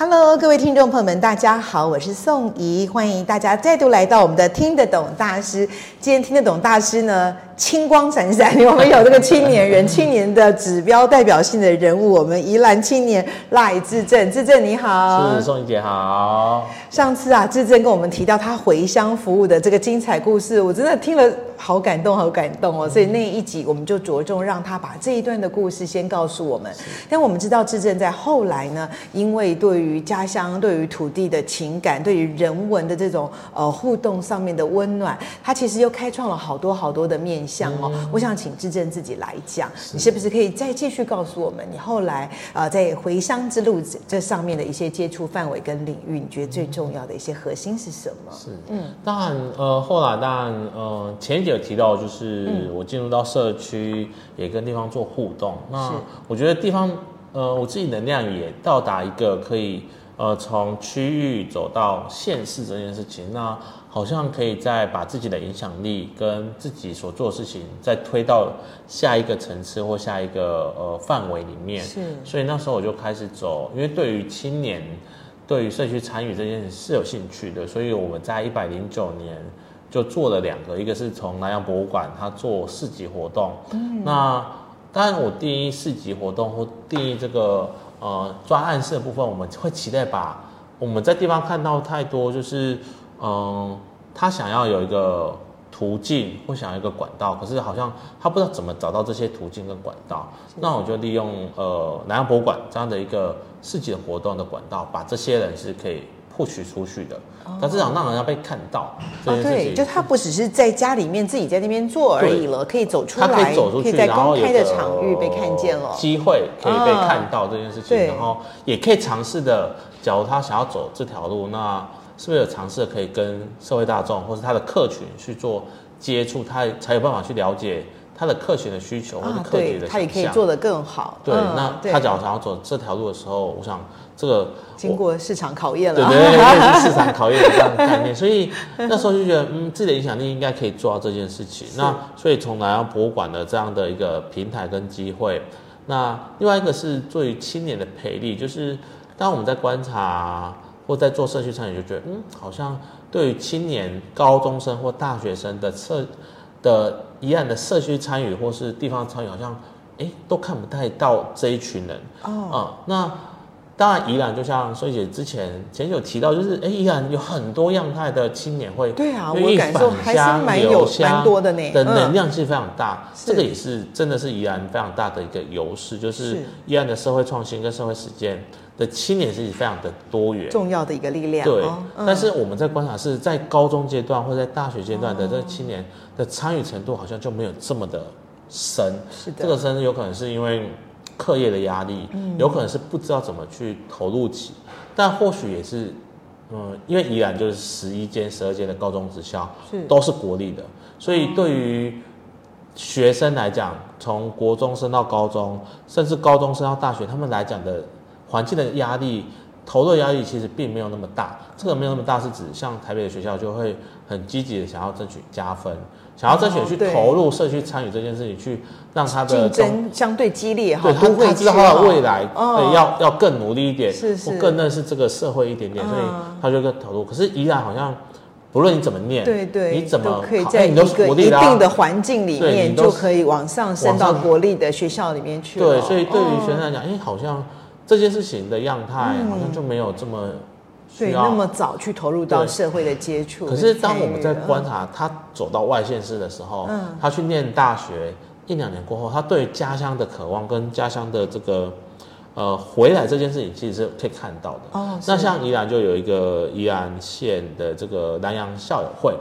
Hello，各位聽眾朋友們，大家好，我是宋怡，歡迎大家再度來到我們的聽得懂大師。今天聽得懂大師呢，青光閃閃，我們有這個青年人、青年的指標代表性的人物，我們宜蘭青年賴志政，志政你好，是宋怡姐好。上次啊，志政跟我們提到他回鄉服務的這個精彩故事，我真的聽了好感動，好感動哦。所以那一集我們就着重讓他把這一段的故事先告訴我們。是但我們知道志政在後來呢，因為對於家鄉、對於土地的情感，對於人文的這種呃互動上面的溫暖，他其實又開創了好多好多的面。哦，嗯、我想請志政自己來講，是你是不是可以再繼續告訴我們，你後來啊、呃、在回鄉之路這上面的一些接觸範圍跟領域，你覺得最重要的一些核心是什麼？是嗯，當然是呃後來當然嗯前一節有提到，就是我進入到社區，也跟地方做互動。嗯、那我覺得地方呃我自己能量也到達一個可以呃從區域走到縣市這件事情。那好像可以再把自己的影響力跟自己所做的事情再推到下一個層次或下一個呃範圍裡面。是。所以那時候我就開始走，因為對於青年，對於社區參與這件事是有興趣的，所以我們在一百零九年就做了兩個，一個是從蘭陽博物館它做市集活動。嗯。那當然我市集，我定義市集活動或定義這個呃專案式的部分，我們會期待把我們在地方看到太多就是。嗯，他想要有一個途徑，或想要一個管道，可是好像他不知道怎麼找到這些途徑跟管道。的那我就利用對呃南洋博物館這樣的一個市集活動的管道，把這些人是可以 push 出去的。他、哦、至少讓人家被看到、哦啊。對，就他不只是在家裡面自己在那邊做而已了，對可以走出來，他可以走出去，可以在公開的場域被看見了、呃，機會可以被看到這件事情，哦、然後也可以嘗試的。假如他想要走這條路，那。是不是有嘗試可以跟社會大眾，或是他的客群去做接觸，他才有辦法去了解他的客群的需求或者客群的傾向、啊。他也可以做得更好。對，嗯、那對他只要想要走這條路的時候，我想這個經過市場考驗了。對，對對對。 因為是市場考驗的這樣的概念，所以那時候就覺得，嗯，自己的影響力應該可以做到這件事情。是那所以從蘭陽博物館的這樣的一個平台跟機會，那另外一個是對於青年的培力，就是當我們在觀察、啊。或在做社區參與，就覺得嗯，好像對於青年、高中生或大學生的社的一樣的社區參與或是地方參與，好像誒、欸、都看不太到這一群人啊。Oh. 嗯，那。當然宜蘭前前，就是欸，宜蘭就像宋姐之前，前久提到，就是哎，宜蘭有很多樣態的青年會，對啊，我感受還是蠻多的呢，的能量是非常大，嗯、這個也是真的，是宜蘭非常大的一個優勢，就是宜蘭的社會創新跟社會實踐的青年是非常的多元，重要的一個力量。對，哦嗯、但是我們在觀察是在高中階段或在大學階段的這青年的參與程度，好像就沒有這麼的深。是的，這個深有可能是因為。課業的壓力，有可能是不知道怎麼去投入起。嗯、但或許也是，嗯，因為宜蘭就是十一間、十二間的高中職校，是都是國立的，所以對於學生來講，從國中升到高中，甚至高中升到大學，他們來講的環境的壓力。投入壓力其實並沒有那麼大，這個沒有那麼大是指像台北的學校就會很積極的想要爭取加分，想要爭取去投入社區參與這件事情，去讓他的競爭相對激烈也好對，都會知道他的未來對要要更努力一點，更認識這個社會一點點，所以他就會投入。可是宜蘭好像不論你怎麼念，對對，你怎麼，哎，你都是國立一定的環境裡面就可以往上升到國立的學校裡面去。對，所以對於學生來講，哎，好像。這些事情的樣態好像就沒有這麼需要、嗯、對那麼早去投入到社會的接觸。可是當我們在觀察他走到外縣市的時候，嗯、他去念大學一兩年過後，他對家鄉的渴望跟家鄉的這個呃回來這件事情，其實是可以看到的。哦、是的。那像宜蘭就有一個宜蘭縣的這個南陽校友會，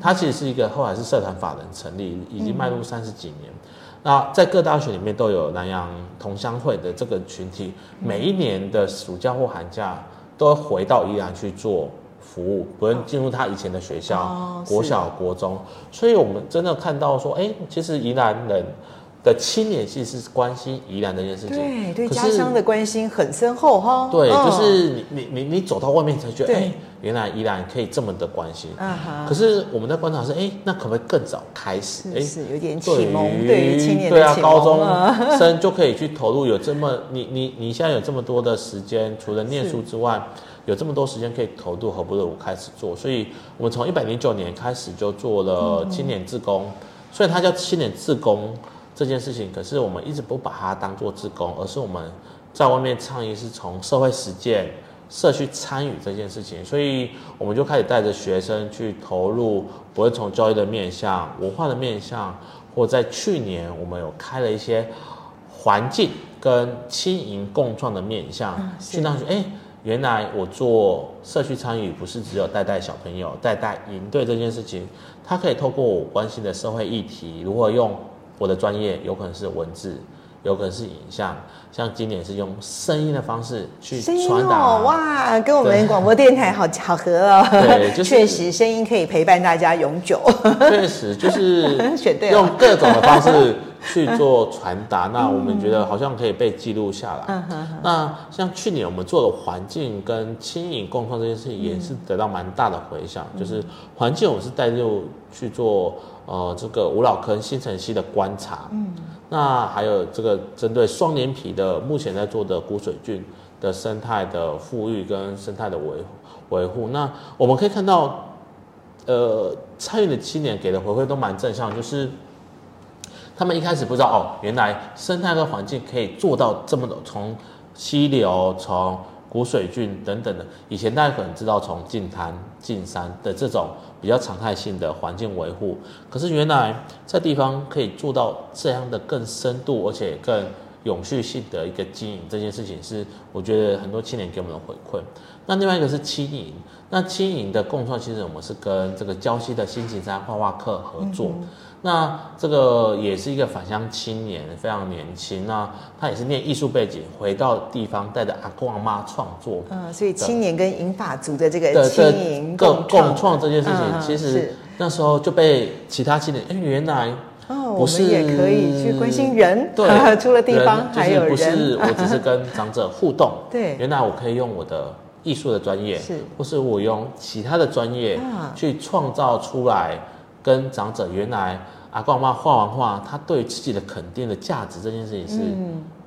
它、嗯、其實是一個後來是社團法人成立，已經邁入三十幾年。嗯那在各大學裡面都有南洋同鄉會的這個群體，每一年的暑假或寒假都會回到宜蘭去做服務，不能進入他以前的學校，哦、國小、哦、國中。所以，我們真的看到說，哎、欸，其實宜蘭人的青年其實是關心宜蘭這件事情，對，對，家鄉的關心很深厚哈、哦。對，就是你、哦、你、你、你走到外面才覺得哎。欸原來依然可以這麼的關心，啊、哈可是我們的觀察是誒，那可不可以更早開始？是，是有點啟蒙，對於，對於青年，對啊，高中生就可以去投入，有這麼你你你現在有這麼多的時間，除了念書之外，是有這麼多時間可以投入，何不如我開始做？所以，我們從一百零九年開始就做了青年志工，雖然、嗯嗯、它叫青年志工這件事情，可是我們一直不把它當做志工，而是我們在外面倡議是從社會實踐。社區參與這件事情，所以我們就開始帶着學生去投入，不會從教育的面向、文化的面向，或在去年我們有開了一些環境跟青銀共創的面向，嗯、到去讓說，哎、欸，原來我做社區參與不是只有帶帶小朋友、帶帶營隊這件事情，他可以透過我關心的社會議題，如何用我的專業，有可能是文字。有可能是影像，像今年是用聲音的方式去傳達，哦、哇，跟我們廣播電台好巧合哦。對，就是、確實聲音可以陪伴大家永久。確實就是選對了，就是、用各種的方式去做傳達，那我們覺得好像可以被記錄下來。嗯哼。那像去年我們做的環境跟青銀共創這件事情，也是得到蠻大的回響。嗯、就是環境，我是帶入去做呃這個武荖坑新城溪的觀察。嗯。那還有這個針對雙連埤的，目前在做的骨水菌的生態的復育，跟生態的維維護，那我們可以看到，呃，參與的青年給的回饋都蠻正向，就是他們一開始不知道哦，原來生態跟環境可以做到這麼的，從溪流從。古水郡等等的，以前大家可能知道從淨灘、淨山的這種比較常態性的環境維護，可是原來這地方可以做到這樣的更深度，而且更永續性的一個經營，這件事情是我覺得很多青年給我們的回饋。那另外一個是青銀，那青銀的共創其實我們是跟這個礁溪的星景山畫畫課合作。嗯那這個也是一個返鄉青年，非常年輕那、啊、他也是念藝術背景，回到地方帶着阿公阿媽創作。嗯，所以青年跟銀髮族的這個青銀共共創這件事情，嗯、其實那時候就被其他青年，哎、嗯欸，原來哦，我們也可以去關心人，除對了地方還不是，我只是跟長者互動，有 對，原來我可以用我的藝術的專業，是，或是我用其他的專業去創造出來。跟長者原來阿公阿嬤畫完畫，他對自己的肯定的價值這件事情是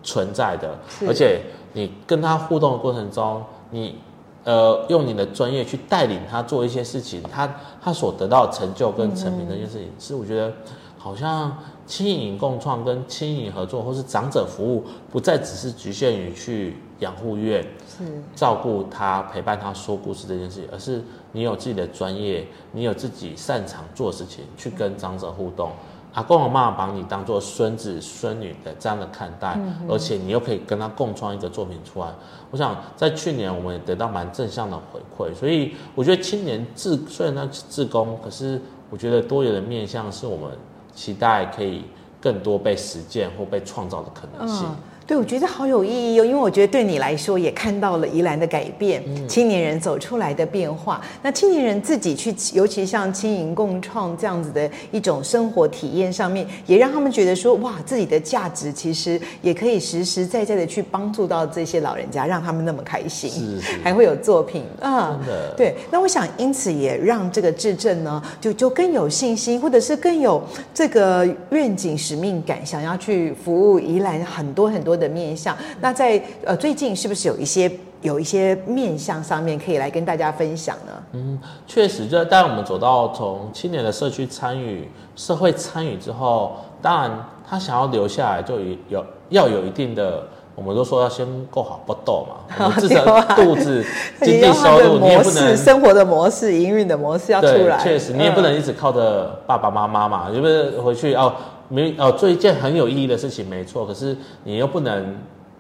存在的，嗯、而且你跟他互動的過程中，你呃用你的專業去帶領他做一些事情，他他所得到成就跟成名這件事情，嗯、哼是我覺得好像青銀共創跟青銀合作，或是長者服務，不再只是局限於去。養護院是照顧他，陪伴他，說故事這件事情，是而是你有自己的專業，你有自己擅長做事情去跟長者互動。嗯、阿公阿媽把你當做孫子孫女的這樣的看待，嗯嗯、而且你又可以跟他共創一個作品出來。我想在去年我們也得到蠻正向的回饋，所以我覺得青年志雖然他是志工，可是我覺得多元的面向是我們期待可以更多被實踐或被創造的可能性。嗯對，我覺得好有意義哦，因為我覺得對你來說也看到了宜蘭的改變，嗯、青年人走出來的變化。那青年人自己去，尤其像青銀共創這樣子的一種生活體驗上面，也讓他們覺得說，哇，自己的價值其實也可以實實在在的去幫助到這些老人家，讓他們那麼開心，是是還會有作品啊。呃、真的，對。那我想因此也讓這個志政呢，就就更有信心，或者是更有這個願景使命感，想要去服務宜蘭很多很多。的面向，那在呃最近是不是有一些有一些面向上面可以來跟大家分享呢？嗯，確實，就當我們走到從青年的社區參與、社會參與之後，當然他想要留下來，就有要有一定的，我們都說要先過好不斗嘛，至少、啊、肚子消毒、經濟收入、模式、生活的模式、營運的模式要出來。確實，嗯、你也不能一直靠着爸爸媽媽，媽嘛，要不能回去哦。沒哦，做一件很有意義的事情沒錯，可是你又不能，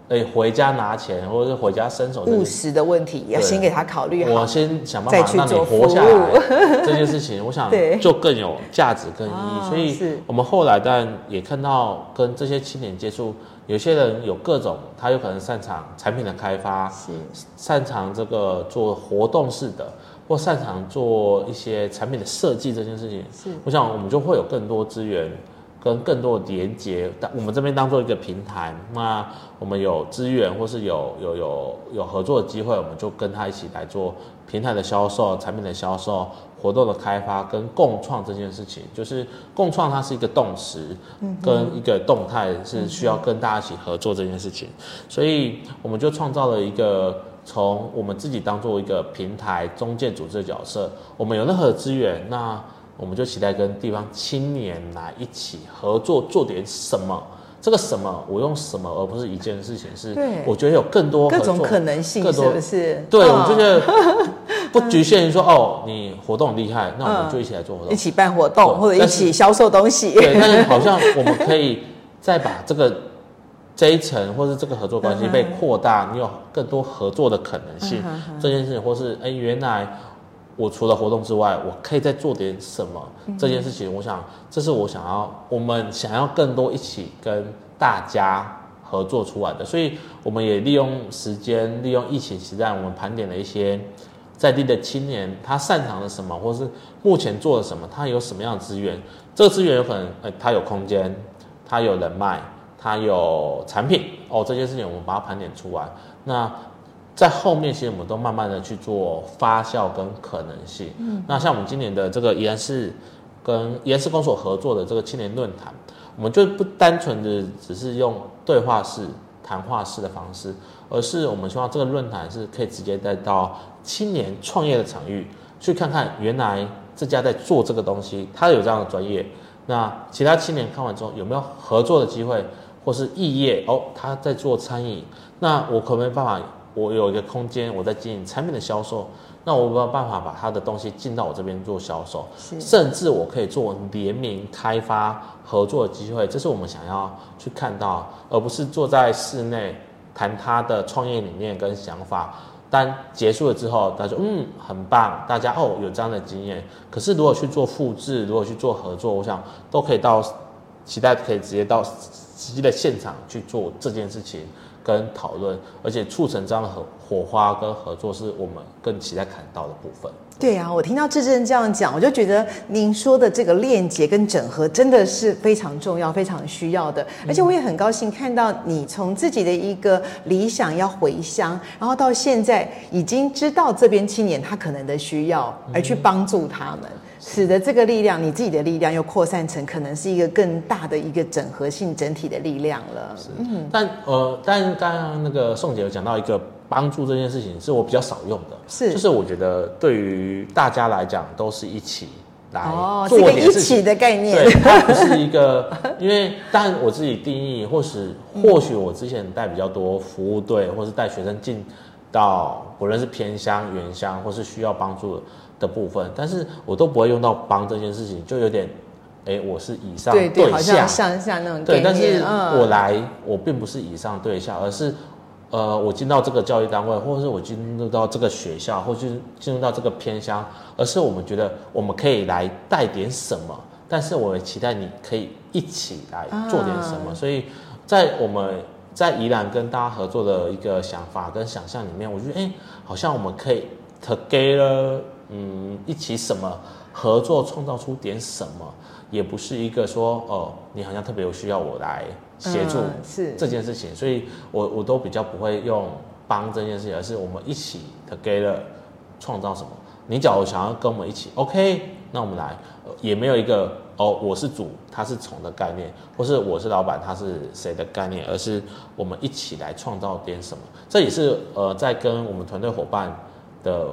欸、回家拿錢對或者是回家伸手。務實的問題也要先給他考慮好。我先想辦法讓你活下來 這件事情，我想就更有價值、更意義。對所以，我們後來當然也看到跟這些青年接觸，是有些人有各種，他有可能擅長產品的開發，是擅長這個做活動式的，或擅長做一些產品的設計這件事情。是，我想我們就會有更多資源。跟更多的連接，我們這邊當做一個平台，那我們有資源或是有有有有合作的機會，我們就跟他一起來做平台的銷售、產品的銷售、活動的開發跟共創這件事情。就是共創，它是一個動詞，跟一個動態是需要跟大家一起合作這件事情。所以我們就創造了一個從我們自己當做一個平台中介組織的角色，我們有任何資源那。我們就期待跟地方青年來、啊、一起合作，做點什麼。這個什麼，我用什麼，而不是一件事情，是我覺得有更多各種可能性，是不是？對，我覺得不局限於說 哦，你活動很厲害，那我們就一起來做活動，一起辦活動，或者一起銷售東西。對，但是好像我們可以再把這個 這一層，或是這個合作關係被擴大，你有更多合作的可能性。哦、這件事情，或是哎，原來。我除了活動之外，我可以再做點什麼？嗯、哼這件事情，我想，這是我想要，我們想要更多一起跟大家合作出來的。所以，我們也利用時間，利用疫情時代，我們盤點了一些在地的青年，他擅長的什麼，或是目前做了什麼，他有什麼樣的資源？這個資源有可能、哎，他有空間，他有人脈，他有產品。哦，這件事情我們把它盤點出來。那。在後面，其實我們都慢慢的去做發酵跟可能性。嗯，那像我們今年的這個員山鄉跟員山鄉公所合作的這個青年論壇，我們就不單純的只是用對話式、談話式的方式，而是我們希望這個論壇是可以直接帶到青年創業的場域，去看看原來這家在做這個東西，他有這樣的專業，那其他青年看完之後有沒有合作的機會，或是異業哦，他在做餐飲，那我可沒辦法。我有一個空間，我在經營產品的銷售，那我沒有辦法把他的東西進到我這邊做銷售，的甚至我可以做聯名開發合作的機會，這是我們想要去看到，而不是坐在室內談他的創業理念跟想法。但結束了之後，他說：“嗯，很棒，大家哦有這樣的經驗。”可是如果去做複製，如果去做合作，我想都可以到，期待可以直接到實際的現場去做這件事情。跟討論，而且促成這樣的合火花跟合作，是我們更期待看到的部分。對呀、啊，我聽到志政這樣講，我就覺得您說的這個鏈接跟整合真的是非常重要、非常需要的。而且我也很高興看到你從自己的一個理想要回鄉，然後到現在已經知道這邊青年他可能的需要，而去幫助他們。使得這個力量，你自己的力量又擴散成可能是一個更大的一個整合性整體的力量了。是但呃，但但那個宋姐有講到一個幫助這件事情，是我比較少用的。是，就是我覺得對於大家來講，都是一起來做點、哦、一,一,一起的概念。對，是一個， 因為但我自己定義，或是或許我之前帶比較多服務隊，或是帶學生進到不論是偏鄉、原鄉，或是需要幫助的。的部分，但是我都不會用到幫這件事情，就有點，哎、欸，我是以上對下，對，好像像像那種概念，但是我來，我並不是以上對下，而是，呃，我進到這個教育單位，或者是我進入到這個學校，或者進入到這個偏鄉，而是我們覺得我們可以來帶點什麼，但是我期待你可以一起來做點什麼，啊、所以在我們在宜蘭跟大家合作的一個想法跟想象裡面，我覺得哎、欸，好像我們可以 together。嗯，一起什麼合作創造出點什麼，也不是一個說哦、呃，你好像特別有需要我來協助這件事情，嗯、所以我我都比較不會用幫這件事情，而是我們一起 together 創造什麼。你假如想要跟我們一起，OK，那我們來，也沒有一個哦，我是主，他是從的概念，或是我是老闆，他是誰的概念，而是我們一起來創造點什麼。這也是呃，在跟我們團隊夥伴的。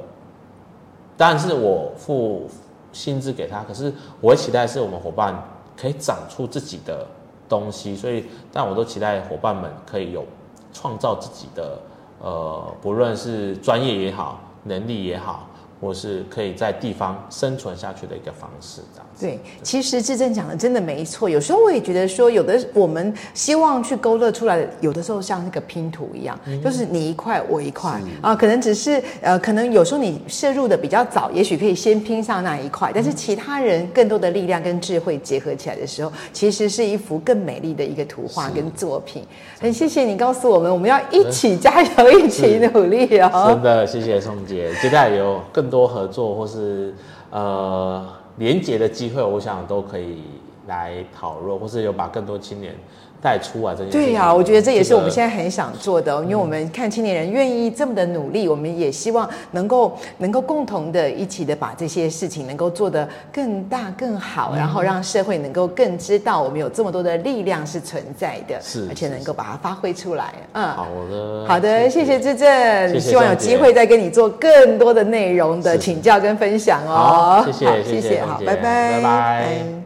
但是我付薪資給他，可是我也期待是我們夥伴可以長出自己的東西，所以但我都期待夥伴們可以有創造自己的，呃，不論是專業也好，能力也好。我是可以在地方生存下去的一個方式，這樣子。對，對，其實志政講的真的沒錯。有時候我也覺得說，有的我們希望去勾勒出來的，有的時候像那個拼圖一樣，嗯、就是你一塊我一塊啊是、呃，可能只是呃，可能有時候你涉入的比較早，也許可以先拼上那一塊，但是其他人更多的力量跟智慧結合起來的時候，其實是一幅更美麗的一個圖畫跟作品。很是、欸、謝謝你告訴我們，我們要一起加油，呃、一起努力哦。真的，謝謝宋姐，加油 更。多合作或是呃連結的機會，我想都可以來討論，或是有把更多青年。帶出啊，這些對呀，我覺得這也是我們現在很想做的，因為我們看青年人願意這麼的努力，我們也希望能夠能夠共同的一起的把這些事情能夠做得更大更好，然後讓社會能夠更知道我們有這麼多的力量是存在的，而且能夠把它發揮出來。嗯，好的，好的，謝謝志政，希望有機會再跟你做更多的內容的請教跟分享哦。好，謝謝，謝謝，好，拜拜，拜拜。